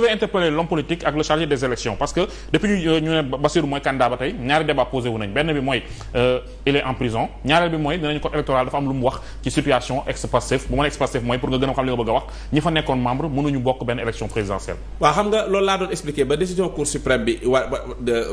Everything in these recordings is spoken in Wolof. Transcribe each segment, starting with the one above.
pouvez interpeller l'homme politique ak le chargé des élections parce que depuis ñu euh, ñu ne Bassirou mooy candidat ba tey ñaari débat posé wu nañ benn bi mooy euh, il est en prison ñaareel bi mooy dinañ code électoral dafa am lu mu wax ci situation ex Pastef bu ma ne ex Pastef mooy pour nga gën a xam li nga bëgg a wax ñi fa nekkoon membre mënuñu bokk benn élection présidentielle waaw xam nga loolu laa doon expliquer ba décision Cour suprême bi wa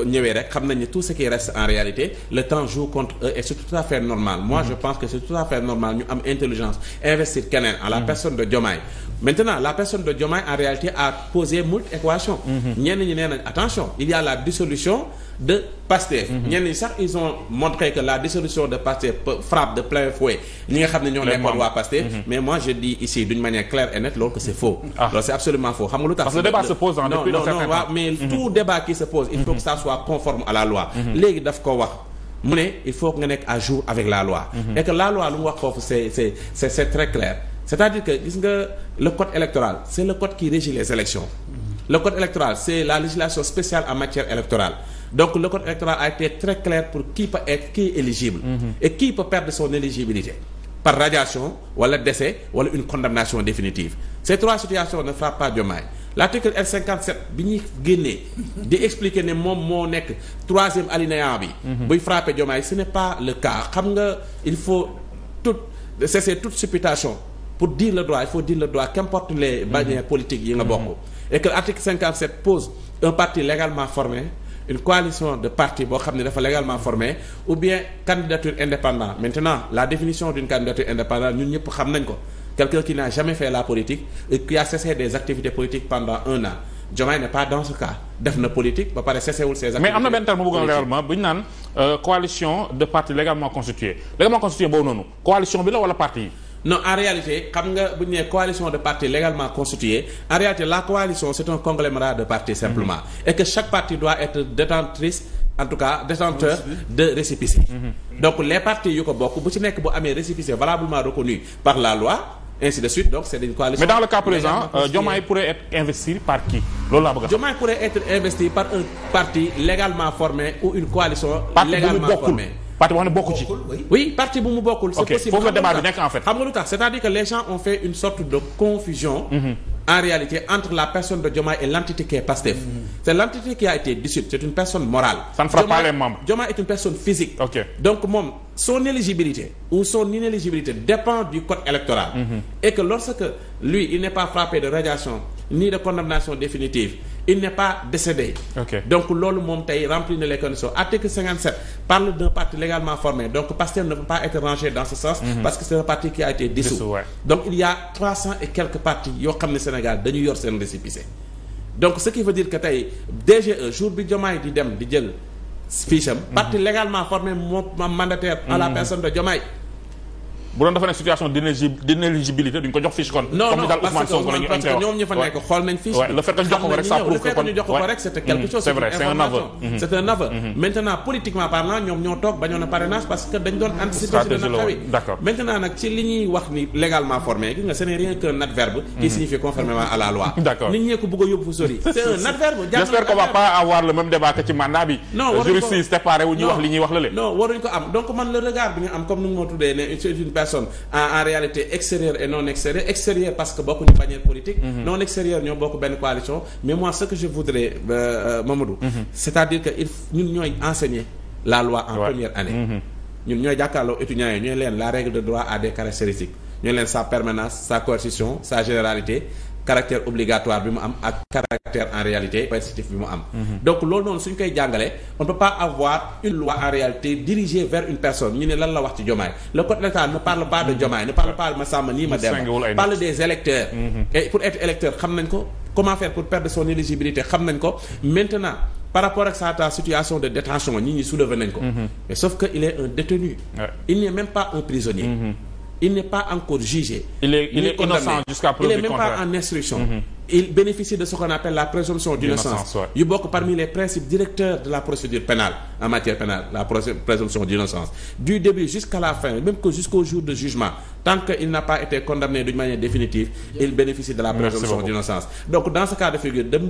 ñëwee rek xam nañ ne tout ce qui reste en réalité le temps joue contre eux et c'est tout à fait normal moi mm-hmm. je pense que c'est tout à fait normal ñu am intelligence investir keneen en la mm-hmm. personne de Diomaye maintenant la personne de Diomaye en réalité a posé moult équations mhm. ñenn ñi nee attention il y a la dissolution de Pastef mhm. ñenn ñi sax ils ont montré que la dissolution de Pastef frappe de plein fouet ñi nga xam ne ño nekkoon waa Pastef mhm. mais moi je dis ici d'une manière claire et nette loolu que c'est faux ah. loolu c'est absolument faux xam tax parce que le débat se pose non non waaw tout débat qui se pose il faut que ça soit conforme à la loi léegi daf ko wax nga nekk à jour avec la loi et que c'est-à-dire que gis nga le code électoral c'est le code qui régit les élections le code électoral c'est la législation spéciale en matière électorale donc le code électoral a été très clair pour qui peut être qui est éligible mhm. et qui peut perdre son éligibilité par radiation wala décès wala une condamnation définitive ces trois situations ne frappent pas Diomaye l'article L57 bi ñuy génnee di expliquer ne moom moo nekk troisième alinéa bi mhm. buy frappé Diomaye ce n'est pas le cas xam nga il faut tout cesser toute supputation pour dire le droit il faut dire le droit qu'importe les bannières mm-hmm. politiques yi nga mm-hmm. bokk et que pose un parti légalement formé une coalition de partis boo xam ne dafa légalement formé ou bien candidature indépendante maintenant la définition d'une candidature indépendante ñun ñëpp xam nañ ko quelqu'un qui n'a jamais fait la politique et qui a cessé des activités politiques pendant un an Diomaye n'est pas dans ce cas def na politique ba pare cessé wul ses activités mais am na benn terme bu non en réalité xam nga bu ñu nee coalition de partis légalement constituée en réalité la coalition c'est un conglomérat de partis simplement mm-hmm. et que chaque parti doit être détentrice en tout cas détenteur de récépissé mm-hmm. donc les partis yu ko bokk bu ci nekk bu amee récépissé valablement reconnu par la loi ainsi de suite donc c'est une coalition. mais dans le cas présent euh, Diomaye pourrait être investi par qui loolu laa bëgg un parti légalement formé ou une coalition légalement parti boo xam ne bokkul. c'est possible foofu la nekk en fait. xam nga lu tax c'est-à-dire que les gens ont fait une sorte de confusion. Mhm. en réalité entre la personne de Diomaye et l'entité qui mhm. c'est l'entité a été dissoute c'est une personne morale. ça ne les membres. Diomaye est une personne physique. donc moom son éligibilité ou son inéligibilité dépend du code électoral. Mhm. et que lorsque lui il n'est pas frappé de radiation ni de condamnation définitive. il n'est pas décédé. Okay. donc loolu moom tey rempli na les conditions article 57 parle d'un parti légalement formé donc Pastef ne peut pas être rangé dans ce sens. Mm qui a été dissous. donc il y a 300 et quelques partis yoo xam ne Sénégal dañu yor seen récépissé donc ce qui veut dire que tey DGE jour bi Diomaye di dem di jël fiche am. Mhm. parti légalement formé moo mandataire. à la mhm. personne de Diomaye. bu doon dafa nekk situation d'inéligibilité duñ ko jox fiche kon. non non parce que ñoom ñi fa nekk xool nañ fiche bi. le fait jox ko rek ça prouve que jox ko rek c'était quelque mm-hmm. chose. c'est vrai c'est c'est un aveu mm-hmm. mm-hmm. maintenant politiquement parlant ñoom ñoo toog bañoon a parce que dañ doon anticiper si dana xawi d'accord maintenant nag ci li ñuy wax ni légalement formé gis nga ce rien qu'un adverbe qui signifie conformément à a personnes en, réalité extérieures et non extérieures extérieures parce que bokkuñu bannière politique mhm. non extérieures ñoo bokk benn coalition mais moi ce que je voudrais euh, euh mhm. c'est-à-dire que il ñun ñooy enseigner la loi en première année mhm. ñun ñooy jàkkaarloo étudiants yi ñooy leen la règle de droit a des caractéristiques ñooy leen sa permanence sa coercition sa généralité caractère obligatoire bi mu am ak caractère en réalité coercitif bi mu am mhm. donc loolu noonu suñ koy jàngalee on pas avoir une loi en réalité dirigée vers une personne ñu ne lan la wax ci Diomaye le code électoral ne parle pas de mhm. Diomaye ne parle pas de Massamba nii ma dem parle des électeurs mhm. et pour être électeur xam nañ ko comment faire pour perdre son éligibilité xam nañ ko maintenant par rapport ak sa ta situation de détention ñi ñi soulevé il n'est pas encore jugé. il est il est innocent jusqu'à preuve du contraire il est même pas en instruction. Mm -hmm. il bénéficie de ce qu'on appelle la présomption d'innocence yu bokk parmi les principes directeurs de la procédure pénale en matière pénale la présomption d'innocence du début jusqu'à la fin même que jusqu'au jour de jugement tant qu'il n'a pas été condamné d'une manière définitive il bénéficie de la présomption d'innocence donc dans ce cas de figure dama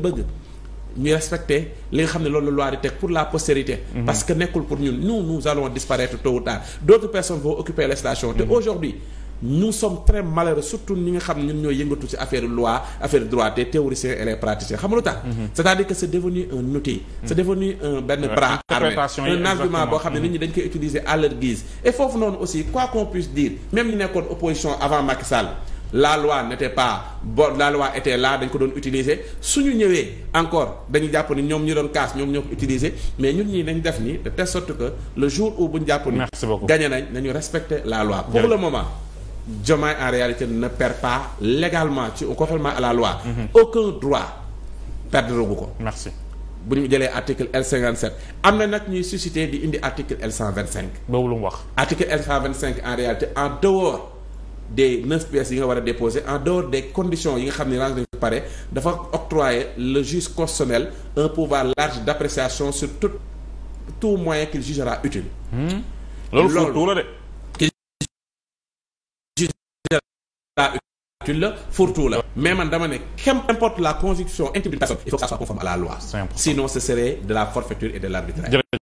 ñu respecter li nga xam ne loolu la loi di teg pour la postérité mhm. parce que nekkul pour ñun nous nous allons disparaître tôt ou tard d'autres personnes occuper les stations te mhm. aujourd'hui nous sommes très malheureux surtout ñi nga xam ñun ñoo yëngatu ci affaire loi affaire droit des théoriciens et les tax. Mhm. c'est-à-dire que c'est devenu un c'est devenu benn bras armé boo xam ne nit ñi dañ koy utiliser à et foofu noonu aussi quoi qu'on puisse dire même ñi nekkoon opposition la loi n'était pas bon la loi était là dañ ko doon utiliser suñu ñëwee encore dañu jàpp ni ñoom ñu doon kaas ñoom ñoo ko utiliser mais ñu ñii nañu def nii te telle sorte que le jour où buñ jàpp ni gagné nañ nañu respecter la loi pour le moment Diomaye en réalité ne perd pas légalement ci conformément la loi mhm. aucun droit perdre gu ko merci bu ñu jëlee article L57 am na nag ñuy suscité di indi article L125 boobu lu mu wax article L125 en des neuf pièces yi nga war a déposer en dehors des conditions yi nga xam ne range nañu pare dafa octroyer le juge constitutionnel un pouvoir large d'appréciation sur tout tout moyen qu'il jugera utile. Hmm? loolu fourre-tout la de. qu'il jugera utile la mais man dama ne qu'importe la conviction intime il faut que ça conforme à la loi. sinon ce serait de la forfaiture et de l'arbitraire.